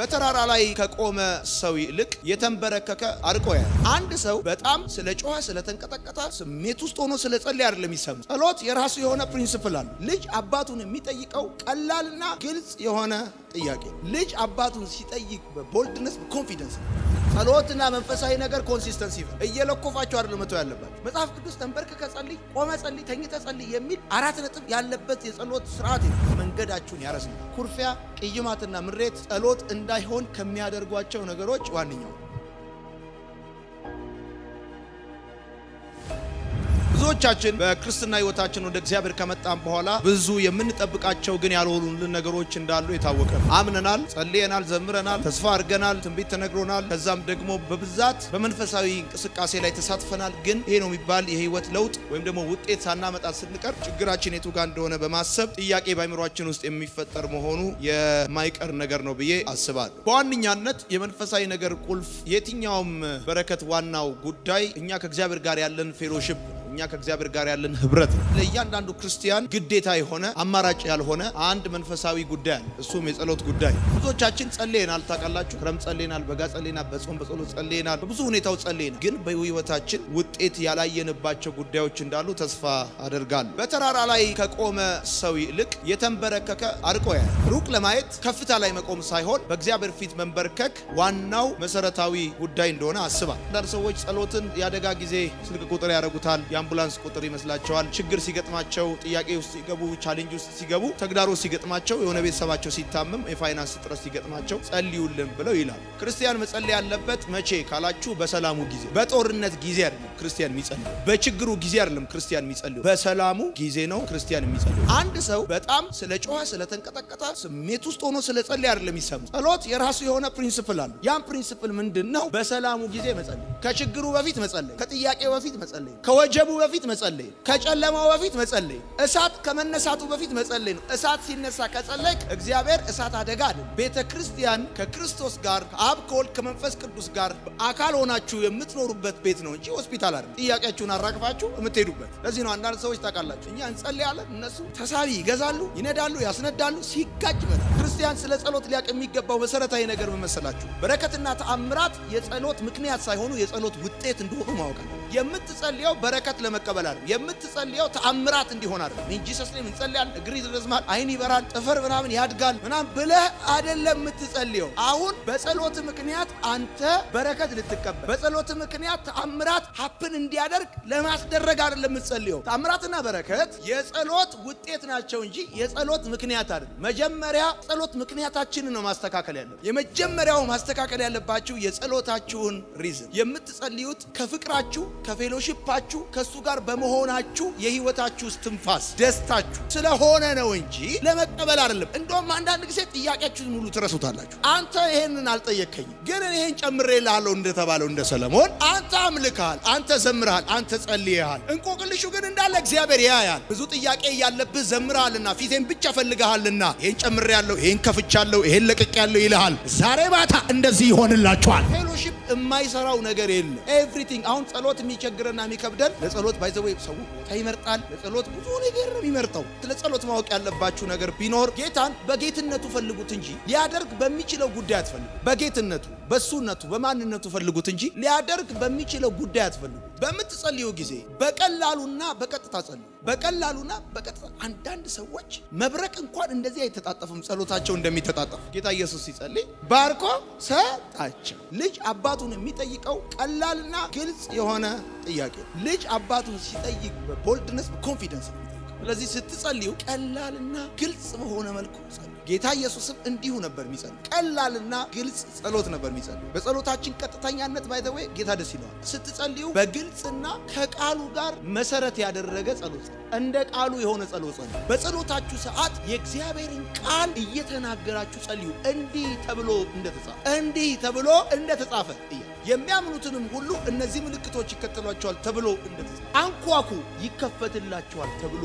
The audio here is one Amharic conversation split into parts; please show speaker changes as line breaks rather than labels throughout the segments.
በተራራ ላይ ከቆመ ሰው ይልቅ የተንበረከከ አርቆ ያል። አንድ ሰው በጣም ስለ ጮኸ፣ ስለተንቀጠቀጠ ስሜት ውስጥ ሆኖ ስለ ጸለየ አይደለም የሚሰሙ። ጸሎት የራሱ የሆነ ፕሪንስፕል አለ። ልጅ አባቱን የሚጠይቀው ቀላልና ግልጽ የሆነ ጥያቄ ልጅ አባቱን ሲጠይቅ በቦልድነስ በኮንፊደንስ ጸሎትና መንፈሳዊ ነገር ኮንሲስተንሲ ነው። እየለኮፋቸው አይደለም መተው ያለባቸው። መጽሐፍ ቅዱስ ተንበርክከ ጸልይ፣ ቆመ ጸልይ፣ ተኝተ ጸልይ የሚል አራት ነጥብ ያለበት የጸሎት ስርዓት መንገዳችሁን ያረስ ኩርፊያ፣ ቅይማትና ምሬት ጸሎት እንዳይሆን ከሚያደርጓቸው ነገሮች ዋነኛው ብዙዎቻችን በክርስትና ህይወታችን ወደ እግዚአብሔር ከመጣን በኋላ ብዙ የምንጠብቃቸው ግን ያልሆኑልን ነገሮች እንዳሉ የታወቀ ነው። አምነናል፣ ጸልየናል፣ ዘምረናል፣ ተስፋ አድርገናል፣ ትንቢት ተነግሮናል። ከዛም ደግሞ በብዛት በመንፈሳዊ እንቅስቃሴ ላይ ተሳትፈናል። ግን ይሄ ነው የሚባል የህይወት ለውጥ ወይም ደግሞ ውጤት ሳናመጣ ስንቀር ችግራችን የቱ ጋር እንደሆነ በማሰብ ጥያቄ በአእምሯችን ውስጥ የሚፈጠር መሆኑ የማይቀር ነገር ነው ብዬ አስባለሁ። በዋነኛነት የመንፈሳዊ ነገር ቁልፍ የትኛውም በረከት ዋናው ጉዳይ እኛ ከእግዚአብሔር ጋር ያለን ፌሎሽፕ እኛ ከእግዚአብሔር ጋር ያለን ህብረት ነው። ለእያንዳንዱ ክርስቲያን ግዴታ የሆነ አማራጭ ያልሆነ አንድ መንፈሳዊ ጉዳይ አለ። እሱም የጸሎት ጉዳይ። ብዙዎቻችን ጸልየናል፣ ታውቃላችሁ። ክረምት ጸልየናል፣ በጋ ጸልየናል፣ በጾም በጸሎት ጸልየናል፣ በብዙ ሁኔታው ጸልየናል። ግን በህይወታችን ውጤት ያላየንባቸው ጉዳዮች እንዳሉ ተስፋ አደርጋለሁ። በተራራ ላይ ከቆመ ሰው ይልቅ የተንበረከከ አርቆ ያያል። ሩቅ ለማየት ከፍታ ላይ መቆም ሳይሆን በእግዚአብሔር ፊት መንበርከክ ዋናው መሰረታዊ ጉዳይ እንደሆነ አስባል። አንዳንድ ሰዎች ጸሎትን የአደጋ ጊዜ ስልክ ቁጥር ያደርጉታል የአምቡላንስ ቁጥር ይመስላቸዋል። ችግር ሲገጥማቸው፣ ጥያቄ ውስጥ ሲገቡ፣ ቻሌንጅ ውስጥ ሲገቡ፣ ተግዳሮት ሲገጥማቸው፣ የሆነ ቤተሰባቸው ሲታመም፣ የፋይናንስ እጥረት ሲገጥማቸው ጸልዩልን ብለው ይላሉ። ክርስቲያን መጸለይ ያለበት መቼ ካላችሁ በሰላሙ ጊዜ፣ በጦርነት ጊዜ አይደለም ክርስቲያን የሚጸልዩ፣ በችግሩ ጊዜ አይደለም ክርስቲያን የሚጸልዩ፣ በሰላሙ ጊዜ ነው ክርስቲያን የሚጸልዩ። አንድ ሰው በጣም ስለ ጮኸ ስለተንቀጠቀጠ ስሜት ውስጥ ሆኖ ስለጸለይ አይደለም ይሰሙ። ጸሎት የራሱ የሆነ ፕሪንስፕል አለ። ያም ፕሪንስፕል ምንድን ነው? በሰላሙ ጊዜ መጸለይ፣ ከችግሩ በፊት መጸለይ፣ ከጥያቄ በፊት መጸለይ፣ ከወጀቡ በፊት መጸለይ፣ ከጨለማው በፊት መጸለይ፣ እሳት ከመነሳቱ በፊት መጸለይ ነው። እሳት ሲነሳ ከጸለይ እግዚአብሔር እሳት አደጋ አይደለም። ቤተ ክርስቲያን ከክርስቶስ ጋር ከአብ ከወልድ ከመንፈስ ቅዱስ ጋር አካል ሆናችሁ የምትኖሩበት ቤት ነው እንጂ ሆስፒታል አይደለም። ጥያቄያችሁን አራግፋችሁ የምትሄዱበት። ለዚህ ነው አንዳንድ ሰዎች ታውቃላችሁ፣ እኛ እንጸልያለን፣ እነሱ ተሳቢ ይገዛሉ፣ ይነዳሉ፣ ያስነዳሉ። ሲጋጭ ይመጣል። ክርስቲያን ስለ ጸሎት ሊያቅ የሚገባው መሰረታዊ ነገር መመሰላችሁ በረከትና ተአምራት የጸሎት ምክንያት ሳይሆኑ የጸሎት ውጤት እንደሆኑ ማወቅ ነው። የምትጸልየው በረከት ለመቀበል አይደለም። የምትጸልየው ተአምራት እንዲሆን አይደለም። ኢን ጂሰስ ኔም እንጸልያለን፣ እግር ይረዝማል፣ አይን ይበራል፣ ጥፍር ምናምን ያድጋል ምናምን ብለህ አይደለም የምትጸልየው። አሁን በጸሎት ምክንያት አንተ በረከት ልትቀበል፣ በጸሎት ምክንያት ተአምራት ሀፕን እንዲያደርግ ለማስደረግ አይደለም የምትጸልየው። ተአምራትና በረከት የጸሎት ውጤት ናቸው እንጂ የጸሎት ምክንያት አይደለም። መጀመሪያ ጸሎት ምክንያታችንን ነው ማስተካከል ያለው። የመጀመሪያው ማስተካከል ያለባችሁ የጸሎታችሁን ሪዝን የምትጸልዩት ከፍቅራችሁ ከፌሎሺፓችሁ ከእሱ ጋር በመሆናችሁ የህይወታችሁ እስትንፋስ ደስታችሁ ስለሆነ ነው እንጂ ለመቀበል አይደለም። እንደውም አንዳንድ ጊዜ ጥያቄያችሁን ሙሉ ትረሱታላችሁ። አንተ ይሄንን አልጠየከኝም፣ ግን ይሄን ጨምሬልሃለሁ እንደተባለው እንደ ሰለሞን አንተ አምልካል፣ አንተ ዘምርሃል፣ አንተ ጸልየሃል። እንቆቅልሹ ግን እንዳለ እግዚአብሔር ያያል። ብዙ ጥያቄ እያለብህ ዘምርሃልና ፊቴን ብቻ ፈልገሃልና ይሄን ጨምሬያለሁ፣ ይሄን ከፍቻለሁ፣ ይሄን ለቅቄያለሁ ይልሃል። ዛሬ ማታ እንደዚህ ይሆንላችኋል። ፌሎሺፕ የማይሰራው ነገር የለም። ኤቭሪቲንግ አሁን ጸሎት የሚቸግረና የሚከብደን ለጸሎት ባይዘወ ሰው ቦታ ይመርጣል። ለጸሎት ብዙ ነገር ነው የሚመርጠው። ስለ ጸሎት ማወቅ ያለባችሁ ነገር ቢኖር ጌታን በጌትነቱ ፈልጉት እንጂ ሊያደርግ በሚችለው ጉዳይ አትፈልጉ። በጌትነቱ በእሱነቱ በማንነቱ ፈልጉት እንጂ ሊያደርግ በሚችለው ጉዳይ አትፈልጉ። በምትጸልዩ ጊዜ በቀላሉና በቀጥታ ጸልዩ። በቀላሉና በቀጥታ አንዳንድ ሰዎች መብረቅ እንኳን እንደዚህ አይተጣጠፉም፣ ጸሎታቸው እንደሚተጣጠፉ ጌታ ኢየሱስ ሲጸልይ ባርኮ ሰጣቸው። ልጅ አባቱን የሚጠይቀው ቀላልና ግልጽ የሆነ ጥያቄ ልጅ አባቱን ሲጠይቅ በቦልድነስ በኮንፊደንስ ስለዚህ ስትጸልዩ ቀላልና ግልጽ በሆነ መልኩ ጸልዩ። ጌታ ኢየሱስም እንዲሁ ነበር የሚጸልዩ። ቀላልና ግልጽ ጸሎት ነበር የሚጸልዩ። በጸሎታችን ቀጥተኛነት ባይተወ ጌታ ደስ ይለዋል። ስትጸልዩ በግልጽና ከቃሉ ጋር መሰረት ያደረገ ጸሎት፣ እንደ ቃሉ የሆነ ጸሎት ጸልዩ። በጸሎታችሁ ሰዓት የእግዚአብሔርን ቃል እየተናገራችሁ ጸልዩ። እንዲህ ተብሎ እንደተጻፈ እንዲህ ተብሎ እንደተጻፈ እያ የሚያምኑትንም ሁሉ እነዚህ ምልክቶች ይከተሏቸዋል ተብሎ እንደተጻፈ አንኳኩ ይከፈትላቸዋል ተብሎ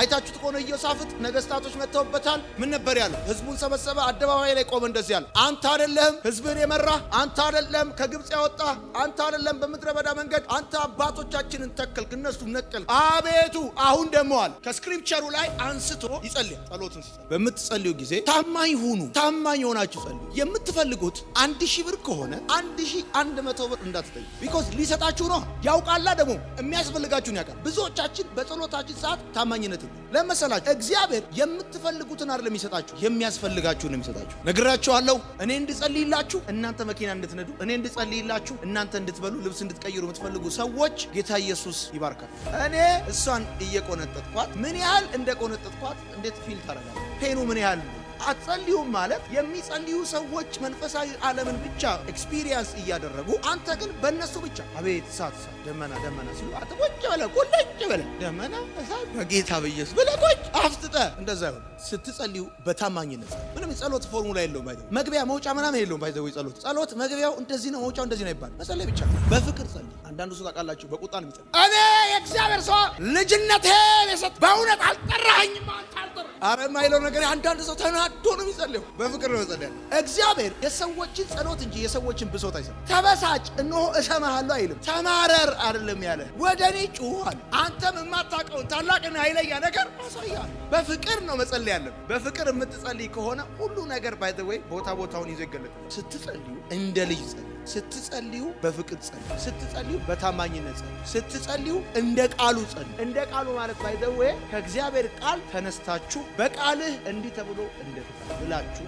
አይታችሁት ከሆነ ኢዮሳፍጥ ነገስታቶች መጥተውበታል። ምን ነበር ያለው? ህዝቡን ሰበሰበ፣ አደባባይ ላይ ቆመ። እንደዚህ ያለ አንተ አይደለህም ህዝብን የመራ አንተ አይደለም ከግብፅ ያወጣ አንተ አይደለም በምድረ በዳ መንገድ አንተ አባቶቻችንን ተከልክ፣ እነሱ ነቀል። አቤቱ አሁን ደግሞ አለ ከስክሪፕቸሩ ላይ አንስቶ ይጸልያል። ጸሎትን ሲጸል በምትጸልዩ ጊዜ ታማኝ ሁኑ። ታማኝ የሆናችሁ ጸልዩ። የምትፈልጉት አንድ ሺህ ብር ከሆነ አንድ ሺህ አንድ መቶ ብር እንዳትጠይቁ። ቢኮዝ ሊሰጣችሁ ነው። ያውቃላ ደግሞ የሚያስፈልጋችሁን ያውቃል። ብዙዎቻችን በጸሎታችን ሰዓት ታማኝነት ነው። ለመሰላችሁ እግዚአብሔር የምትፈልጉትን አር ለሚሰጣችሁ የሚያስፈልጋችሁን ነው የሚሰጣችሁ። ነግራችኋለሁ። እኔ እንድጸልይላችሁ እናንተ መኪና እንድትነዱ፣ እኔ እንድጸልይላችሁ እናንተ እንድትበሉ፣ ልብስ እንድትቀይሩ የምትፈልጉ ሰዎች ጌታ ኢየሱስ ይባርካል። እኔ እሷን እየቆነጠጥኳት ምን ያህል እንደቆነጠጥኳት እንዴት ፊል ታደርጋለህ? ፔኑ ምን ያህል ነው? አትጸልዩም ማለት የሚጸልዩ ሰዎች መንፈሳዊ ዓለምን ብቻ ኤክስፒሪየንስ እያደረጉ አንተ ግን በእነሱ ብቻ አቤት እሳት እሳት ደመና ደመና ሲሉ አንተ በለ ብለህ በለ ደመና እሳት በጌታ በኢየሱስ ብለህ ቁጭ አፍጥጠ እንደዛ ይሆን። ስትጸልዩ በታማኝነት ምንም የጸሎት ፎርሙላ የለውም። ባይዘ መግቢያ መውጫ ምናምን የለውም። ባይዘ ጸሎት ጸሎት መግቢያው እንደዚህ ነው፣ መውጫው እንደዚህ ነው ይባል መጸለይ ብቻ በፍቅር ጸልይ። አንዳንዱ ሰው ታውቃላችሁ በቁጣ ነው የሚጸልይ። እኔ የእግዚአብሔር ሰው ልጅነቴ የሰጥ በእውነት አልጠራኸኝም አንተ አልጠራ አረ የማይለው ነገር አንዳንድ ሰው ተናዶ ነው የሚጸልየው። በፍቅር ነው ጸለ እግዚአብሔር የሰዎችን ጸሎት እንጂ የሰዎችን ብሶት አይሰ ተበሳጭ እነሆ እሰማሃለሁ አይልም። ተማረር አይደለም ያለ ወደ እኔ ጩኋል፣ አንተም የማታውቀውን ታላቅና ኃይለኛ ነገር አሳያለሁ። በፍቅር ነው መጸለይ ያለን። በፍቅር የምትጸልይ ከሆነ ሁሉ ነገር ባይዘወይ ቦታ ቦታውን ይዞ ይገለጣል። ስትጸልዩ እንደ ልጅ ጸልዩ። ስትጸልዩ በፍቅር ጸልዩ፣ ስትጸልዩ በታማኝነት ጸልዩ፣ ስትጸልዩ እንደ ቃሉ ጸልዩ። እንደ ቃሉ ማለት ባይዘዌ ከእግዚአብሔር ቃል ተነስታችሁ በቃልህ እንዲህ ተብሎ እንደ ብላችሁ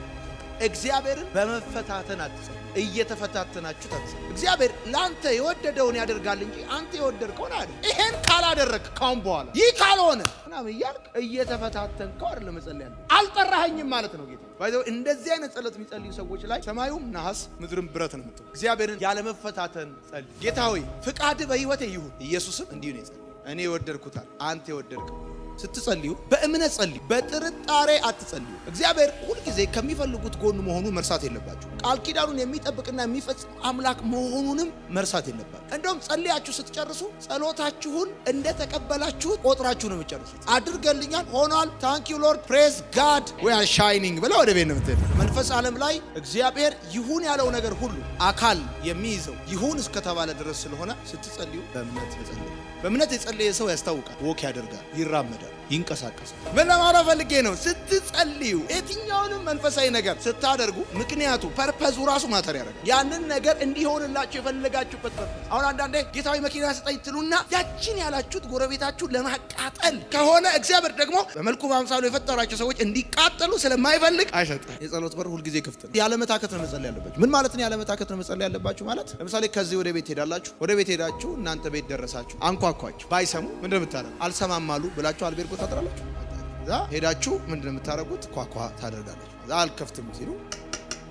እግዚአብሔርን በመፈታተን አትጸ እየተፈታተናችሁ ታትሰ እግዚአብሔር ለአንተ የወደደውን ያደርጋል እንጂ አንተ የወደድከውን አይደል። ይሄን ካላደረግ ካሁን በኋላ ይህ ካልሆነ ምናምን እያልክ እየተፈታተን ከወር መጸለይ ያለ አልጠራኸኝም ማለት ነው ጌታ ባይዘው እንደዚህ አይነት ጸሎት የሚጸልዩ ሰዎች ላይ ሰማዩም ነሐስ ምድርም ብረት ነው የምትሆነው። እግዚአብሔርን ያለመፈታተን ጸል ጌታ ሆይ ፍቃድ በህይወቴ ይሁን። ኢየሱስም እንዲሁ ነው ጸል እኔ የወደድኩታል አንተ የወደድከው ስትጸልዩ በእምነት ጸልዩ፣ በጥርጣሬ አትጸልዩ። እግዚአብሔር ሁልጊዜ ከሚፈልጉት ጎን መሆኑ መርሳት የለባችሁ። ቃል ኪዳኑን የሚጠብቅና የሚፈጽም አምላክ መሆኑንም መርሳት የለባችሁ። እንደውም ጸልያችሁ ስትጨርሱ ጸሎታችሁን እንደተቀበላችሁት ቆጥራችሁ ነው የምትጨርሱት። አድርገልኛል፣ ሆኗል፣ ታንክ ዩ ሎርድ ፕሬዝ ጋድ ዊ አር ሻይኒንግ ብለ ወደ ቤት ነው መንፈስ ዓለም ላይ እግዚአብሔር ይሁን ያለው ነገር ሁሉ አካል የሚይዘው ይሁን እስከተባለ ድረስ ስለሆነ ስትጸልዩ በእምነት ጸልዩ። በእምነት የጸለየ ሰው ያስታውቃል፣ ወክ ያደርጋል፣ ይራመዳል። ነገር ይንቀሳቀሳል። ምን ለማውራ ፈልጌ ነው? ስትጸልዩ የትኛውንም መንፈሳዊ ነገር ስታደርጉ ምክንያቱ ፐርፐዙ ራሱ ማተር ያደርጋል። ያንን ነገር እንዲሆንላችሁ የፈለጋችሁበት ፐርፐዝ። አሁን አንዳንዴ ጌታዊ መኪና ስጠኝ ትሉና ያችን ያላችሁት ጎረቤታችሁ ለማቃጠል ከሆነ እግዚአብሔር ደግሞ በመልኩ በአምሳሉ የፈጠራቸው ሰዎች እንዲቃጠሉ ስለማይፈልግ አይሰጥም። የጸሎት በር ሁልጊዜ ክፍት ነው። ያለመታከት ነው መጸለይ ያለባችሁ። ምን ማለት ነው? ያለመታከት ነው መጸለይ ያለባችሁ ማለት ለምሳሌ ከዚህ ወደ ቤት ሄዳላችሁ፣ ወደ ቤት ሄዳችሁ እናንተ ቤት ደረሳችሁ፣ አንኳኳችሁ፣ ባይሰሙ ምንድን ምታለ አልሰማማሉ ብላችሁ ቤርጎ ታጥራላችሁ። እዛ ሄዳችሁ ምንድን የምታደርጉት ኳኳ ታደርጋላችሁ። እዛ አልከፍትም ሲሉ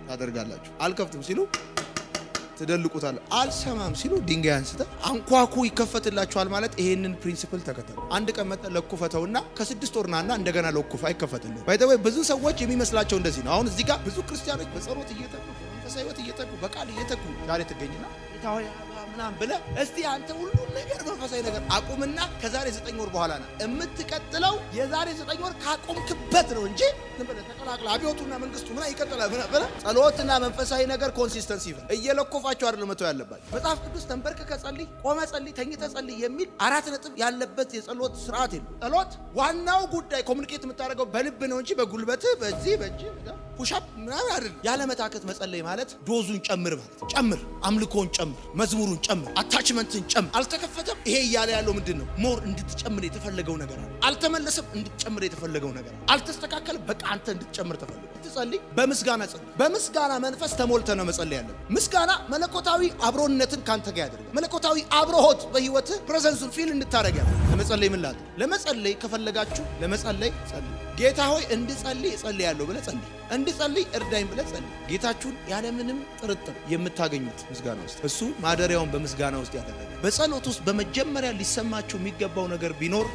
ታደርጋላችሁ። አልከፍትም ሲሉ ትደልቁታል። አልሰማም ሲሉ ድንጋይ አንስተ አንኳኩ ይከፈትላችኋል። ማለት ይሄንን ፕሪንሲፕል ተከተሉ። አንድ ቀን መጠ ለኩፈተውና ከስድስት ወርናና እንደገና ለኩፍ አይከፈትልን ወይ ብዙ ሰዎች የሚመስላቸው እንደዚህ ነው። አሁን እዚህ ጋር ብዙ ክርስቲያኖች በጸሎት እየተኩ በመንፈሳዊ ሕይወት እየተኩ በቃል እየተኩ ዛሬ ትገኝና ምናምን ብለ እስቲ አንተ ሁሉን ነገር መንፈሳዊ ነገር አቁምና ከዛሬ ዘጠኝ ወር በኋላ ነው የምትቀጥለው። የዛሬ ዘጠኝ ወር ካቆምክበት ነው እንጂ ዝም አብዮቱና መንግስቱ ምና ይቀጥላል ጸሎትና መንፈሳዊ ነገር ኮንሲስተንሲ ይበል። እየለኮፋቸው አይደለም መተው ያለባቸው። መጽሐፍ ቅዱስ ተንበርክከህ ጸልይ፣ ቆመ ጸልይ፣ ተኝተ ጸልይ የሚል አራት ነጥብ ያለበት የጸሎት ስርዓት የለም። ጸሎት ዋናው ጉዳይ ኮሚኒኬት የምታደርገው በልብ ነው እንጂ በጉልበት በዚህ በእጅ ፑሻፕ ምናምን አይደለም። ያለመታከት መጸለይ ማለት ዶዙን ጨምር ማለት ጨምር፣ አምልኮን ጨምር፣ መዝሙሩን ጨምር፣ አታችመንትን ጨምር። አልተከፈተም። ይሄ እያለ ያለው ምንድን ነው? ሞር እንድትጨምር የተፈለገው ነገር አለ። አልተመለሰም፣ እንድትጨምር የተፈለገው ነገር አለ። አልተስተካከለም፣ በቃ አንተ እንድትጨምር ተፈልገው። ትጸልይ በምስጋና ጸልይ። በምስጋና መንፈስ ተሞልተ ነው መጸለይ ያለ። ምስጋና መለኮታዊ አብሮነትን ከአንተ ጋር ያደርጋል። መለኮታዊ አብሮሆት በህይወትህ ፕሬዘንሱን ፊል እንድታደረግ ያለ ለመጸለይ ምን ላት ለመጸለይ ከፈለጋችሁ ለመጸለይ ጸልይ። ጌታ ሆይ እንድጸልይ እጸልያለሁ ብለህ ጸልይ እንድጸልይ እርዳኝ ብለህ ጸልይ። ጌታችሁን ያለምንም ጥርጥር የምታገኙት ምስጋና ውስጥ እሱ ማደሪያውን በምስጋና ውስጥ ያደረገ በጸሎት ውስጥ በመጀመሪያ ሊሰማችሁ የሚገባው ነገር ቢኖር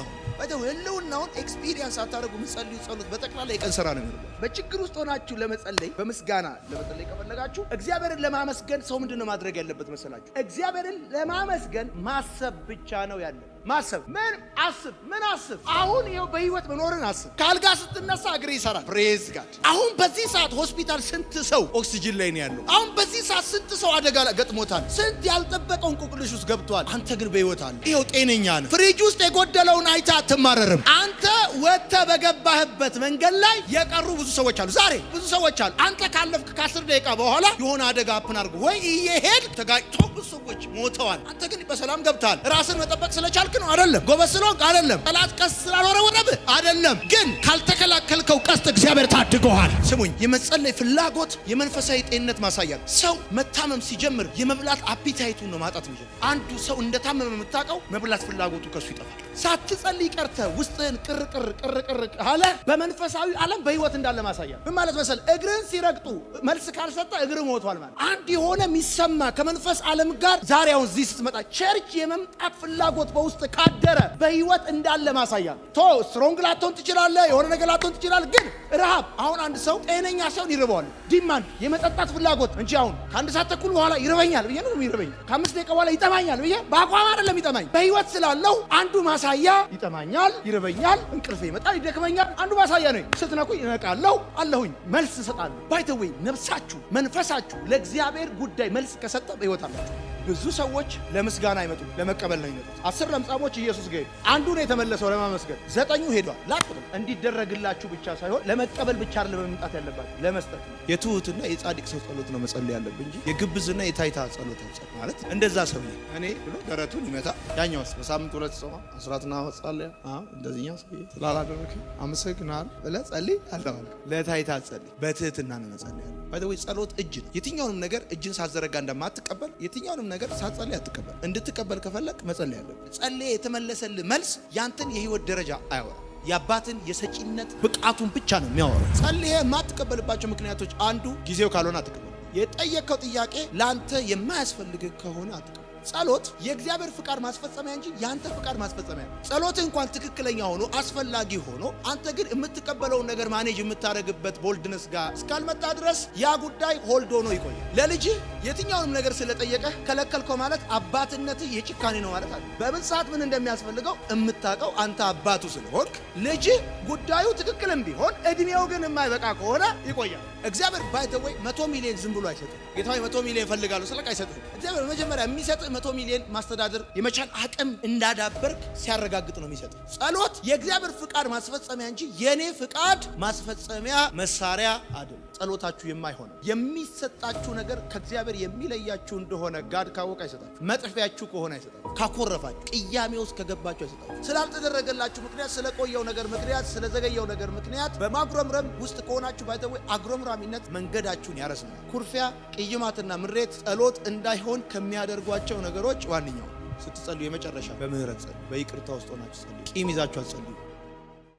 ነው። በደው ህልውናውን ኤክስፒሪየንስ አታደርጉ። የምትጸልዩ ጸሎት በጠቅላላ የቀን ስራ ነው በችግር ውስጥ ሆናችሁ ለመጸለይ በምስጋና ለመጸለይ ከፈለጋችሁ እግዚአብሔርን ለማመስገን ሰው ምንድን ነው ማድረግ ያለበት መሰላችሁ? እግዚአብሔርን ለማመስገን ማሰብ ብቻ ነው ያለው። ማሰብ ምን አስብ ምን አስብ። አሁን ይኸው በህይወት መኖርን አስብ። ካልጋ ስትነሳ እግሬ ይሰራል። ፕሬዝ ጋድ። አሁን በዚህ ሰዓት ሆስፒታል ስንት ሰው ኦክስጂን ላይ ነው ያለው? አሁን በዚህ ሰዓት ስንት ሰው አደጋ ገጥሞታል? ስንት ያልጠበቀው እንቆቅልሽ ውስጥ ገብቷል። አንተ ግን በህይወት አለ። ይኸው ጤነኛ ነው። ፍሪጅ ውስጥ የጎደለውን አይታ አትማረርም። አንተ ወጥተ በገባህበት መንገድ ላይ የቀሩ ብዙ ሰዎች አሉ። ዛሬ ብዙ ሰዎች አሉ። አንተ ካለፍክ ከአስር ደቂቃ በኋላ የሆነ አደጋ አፕን አድርጎ ወይ እየሄድ ተጋጭቶ ብዙ ሰዎች ሞተዋል። አንተ ግን በሰላም ገብተሃል። ራስን መጠበቅ ስለቻል? ስላልቻልክ ነው አይደለም። ጎበዝ ስለሆንክ አይደለም። ጠላት ቀስ ስላልወረወረብ አይደለም። ግን ካልተከላከልከው ቀስት እግዚአብሔር ታድገዋል። ስሙኝ፣ የመጸለይ ፍላጎት የመንፈሳዊ ጤንነት ማሳያ ሰው መታመም ሲጀምር የመብላት አፒታይቱን ነው ማጣት የሚጀምር። አንዱ ሰው እንደታመመ የምታውቀው መብላት ፍላጎቱ ከሱ ይጠፋል። ሳትጸልይ ቀርተ ውስጥህን ቅርቅር ቅርቅር አለ በመንፈሳዊ ዓለም በህይወት እንዳለ ማሳያ። ምን ማለት መሰል እግርህን ሲረግጡ መልስ ካልሰጠ እግር ሞቷል ማለት አንድ የሆነ የሚሰማ ከመንፈስ ዓለም ጋር ዛሬ አሁን እዚህ ስትመጣ ቸርች የመምጣት ፍላጎት በውስጥ ውስጥ ካደረ በህይወት እንዳለ ማሳያ ቶ ስትሮንግ ላትሆን ትችላለ፣ የሆነ ነገር ላትሆን ትችላል። ግን ረሃብ አሁን አንድ ሰው ጤነኛ ሰውን ይርበዋል። ዲማንድ የመጠጣት ፍላጎት እንጂ አሁን ከአንድ ሰዓት ተኩል በኋላ ይርበኛል ብዬ ነው ይርበኝ፣ ከአምስት ደቂቃ በኋላ ይጠማኛል ብዬ በአቋም አይደለም ይጠማኝ፣ በህይወት ስላለው አንዱ ማሳያ ይጠማኛል፣ ይርበኛል፣ እንቅልፍ ይመጣል፣ ይደክመኛል። አንዱ ማሳያ ነው። ስትነኩኝ እነቃለሁ፣ አለሁኝ፣ መልስ እሰጣለሁ። ባይተወይ ነፍሳችሁ መንፈሳችሁ ለእግዚአብሔር ጉዳይ መልስ ከሰጠ በህይወት አላችሁ። ብዙ ሰዎች ለምስጋና አይመጡም፣ ለመቀበል ነው ይመጡት። አስር ለምጻሞች ኢየሱስ ጋር አንዱ ነው የተመለሰው ለማመስገን፣ ዘጠኙ ሄዷል። ላቁም እንዲደረግላችሁ ብቻ ሳይሆን ለመቀበል ብቻ አይደለም መምጣት ያለባችሁ፣ ለመስጠት ነው። የትሁትና የጻድቅ ሰው ጸሎት ነው መጸለይ ያለብን እንጂ የግብዝና የታይታ ጸሎት አይጸል ማለት እንደዛ ሰው እኔ ብሎ ደረቱን ይመታ ያኛውስ በሳምንት ሁለት ሰው አስራትና ወጻለ አ እንደዚህኛው ሰው ስላላደረክ አመሰግናል ብለ ጸልይ አልተባለ ለታይታ ጸልይ፣ በትህትና ነው መጸለይ ያለ ባይደዌ ጸሎት እጅ ነው። የትኛውንም ነገር እጅን ሳዘረጋ እንደማትቀበል የትኛውንም ነገር ሳትጸልይ አትቀበል። እንድትቀበል ከፈለግ መጸለይ አለብህ። ጸልዬ የተመለሰልህ መልስ ያንተን የህይወት ደረጃ አያወራም። የአባትን የሰጪነት ብቃቱን ብቻ ነው የሚያወራው። ጸልዬ የማትቀበልባቸው ምክንያቶች አንዱ ጊዜው ካልሆነ አትቀበል። የጠየቀው ጥያቄ ለአንተ የማያስፈልግህ ከሆነ አትቀበል። ጸሎት የእግዚአብሔር ፍቃድ ማስፈጸሚያ እንጂ የአንተ ፍቃድ ማስፈጸሚያ። ጸሎት እንኳን ትክክለኛ ሆኖ አስፈላጊ ሆኖ አንተ ግን የምትቀበለውን ነገር ማኔጅ የምታደርግበት ቦልድነስ ጋር እስካልመጣ ድረስ ያ ጉዳይ ሆልድ ሆኖ ይቆያል። ለልጅህ የትኛውንም ነገር ስለጠየቀህ ከለከልከው ማለት አባትነትህ የጭካኔ ነው ማለት አለ። በምን ሰዓት ምን እንደሚያስፈልገው የምታውቀው አንተ አባቱ ስለሆንክ፣ ልጅህ ጉዳዩ ትክክልም ቢሆን እድሜው ግን የማይበቃ ከሆነ ይቆያል። እግዚአብሔር ባይተወይ መቶ ሚሊዮን ዝም ብሎ አይሰጥም። ጌታ መቶ ሚሊዮን ይፈልጋሉ ስለቅ አይሰጥም። እግዚአብሔር መጀመሪያ የሚሰጥ መቶ ሚሊዮን ማስተዳደር የመቻል አቅም እንዳዳበርክ ሲያረጋግጥ ነው የሚሰጥ። ጸሎት የእግዚአብሔር ፍቃድ ማስፈጸሚያ እንጂ የእኔ ፍቃድ ማስፈጸሚያ መሳሪያ አይደለም። ጸሎታችሁ የማይሆነው የሚሰጣችሁ ነገር ከእግዚአብሔር የሚለያችሁ እንደሆነ ጋድ ካወቅ አይሰጣችሁ። መጥፊያችሁ ከሆነ አይሰጣችሁ። ካኮረፋችሁ፣ ቅያሜ ውስጥ ከገባችሁ አይሰጣችሁ። ስላልተደረገላችሁ ምክንያት፣ ስለቆየው ነገር ምክንያት፣ ስለዘገየው ነገር ምክንያት በማጉረምረም ውስጥ ከሆናችሁ ባይተወይ አጉረምራሚነት መንገዳችሁን ያረዝናል። ኩርፊያ፣ ቅይማትና ምሬት ጸሎት እንዳይሆን ከሚያደርጓቸው ነገሮች ዋንኛው ስትጸልዩ የመጨረሻ በምህረት ጸልዩ። በይቅርታ ውስጥ ሆናችሁ ጸልዩ። ቂም ይዛችሁ አትጸልዩ።